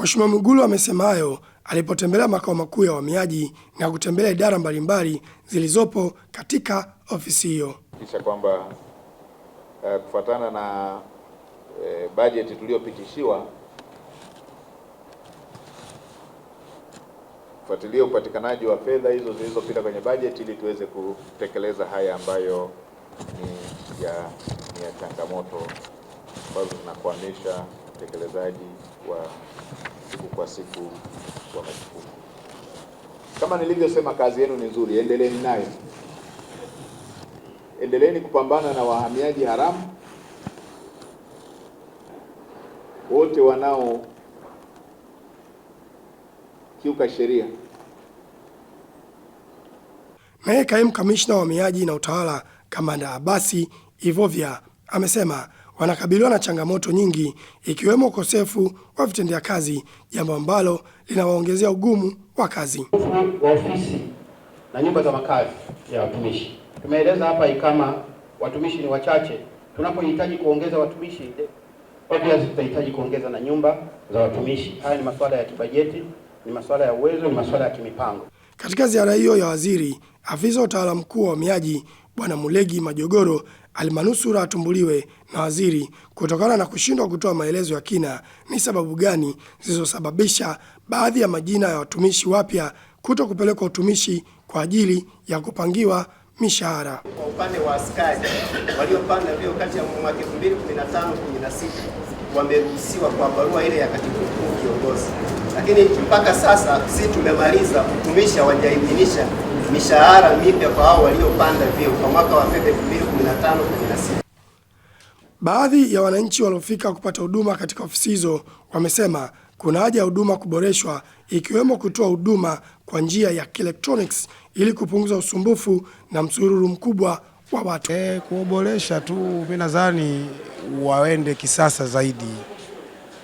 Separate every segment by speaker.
Speaker 1: Mheshimiwa mgulu amesema hayo alipotembelea makao makuu ya wahamiaji na kutembelea idara mbalimbali zilizopo katika ofisi hiyo,
Speaker 2: kisha kwamba uh, kufuatana na uh, eh, bajeti tuliyopitishiwa fuatilia upatikanaji wa fedha hizo zilizopita kwenye bajeti ili tuweze kutekeleza haya ambayo ni ya, ni ya changamoto ambazo zinakwamisha utekelezaji wa siku kwa siku wa majukumu. Kama nilivyosema, kazi yenu ni nzuri, endeleeni nayo, endeleeni kupambana na wahamiaji haramu wote wanao kiuka sheria.
Speaker 1: Naye kaimu kamishna wa uhamiaji na utawala, Kamanda Abasi Ivovya amesema wanakabiliwa na changamoto nyingi ikiwemo ukosefu wa vitendea kazi, jambo ambalo linawaongezea ugumu wa kazi.
Speaker 3: Wa ofisi na nyumba za makazi ya watumishi, tumeeleza hapa ikama watumishi ni wachache. Tunapohitaji kuongeza watumishi, pia tutahitaji kuongeza na nyumba za watumishi. Haya ni masuala ya kibajeti, ni masuala ya uwezo, ni masuala ya kimipango.
Speaker 1: Katika ziara hiyo ya waziri, afisa utawala mkuu wa uhamiaji Bwana Mulegi Majogoro almanusura atumbuliwe na waziri kutokana na kushindwa kutoa maelezo ya kina ni sababu gani zilizosababisha baadhi ya majina ya watumishi wapya kuto kupelekwa utumishi kwa ajili ya kupangiwa mishahara.
Speaker 4: Kwa upande wa askari waliopanda vyeo kati ya mwaka 2015 16 wameruhusiwa kwa barua ile ya katibu mkuu viongozi, lakini mpaka sasa si tumemaliza kutumisha, wajaidhinisha mishahara mipya kwa hao waliopanda vyeo kwa mwaka wa fedha 2015 16.
Speaker 1: Baadhi ya wananchi waliofika kupata huduma katika ofisi hizo wamesema kuna haja ya huduma kuboreshwa ikiwemo kutoa huduma kwa njia ya electronics ili kupunguza usumbufu na msururu mkubwa wa watu.
Speaker 5: E, eh, kuboresha tu, mimi nadhani waende kisasa zaidi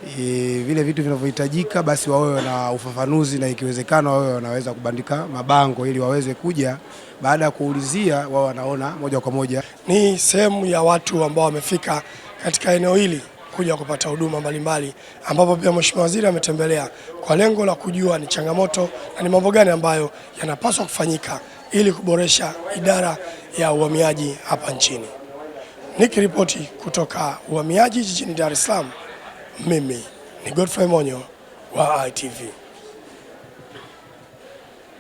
Speaker 5: e, vile vitu vinavyohitajika, basi wawe na ufafanuzi na ikiwezekana wawe wanaweza kubandika mabango ili waweze kuja baada ya kuulizia, wao wanaona moja kwa moja
Speaker 1: ni sehemu ya watu ambao wamefika katika eneo hili kuja kupata huduma mbalimbali, ambapo pia Mheshimiwa Waziri ametembelea kwa lengo la kujua ni changamoto na ni mambo gani ambayo yanapaswa kufanyika ili kuboresha idara ya uhamiaji hapa nchini. Nikiripoti kutoka uhamiaji jijini Dar es Salaam. Mimi ni Godfrey Monyo wa ITV.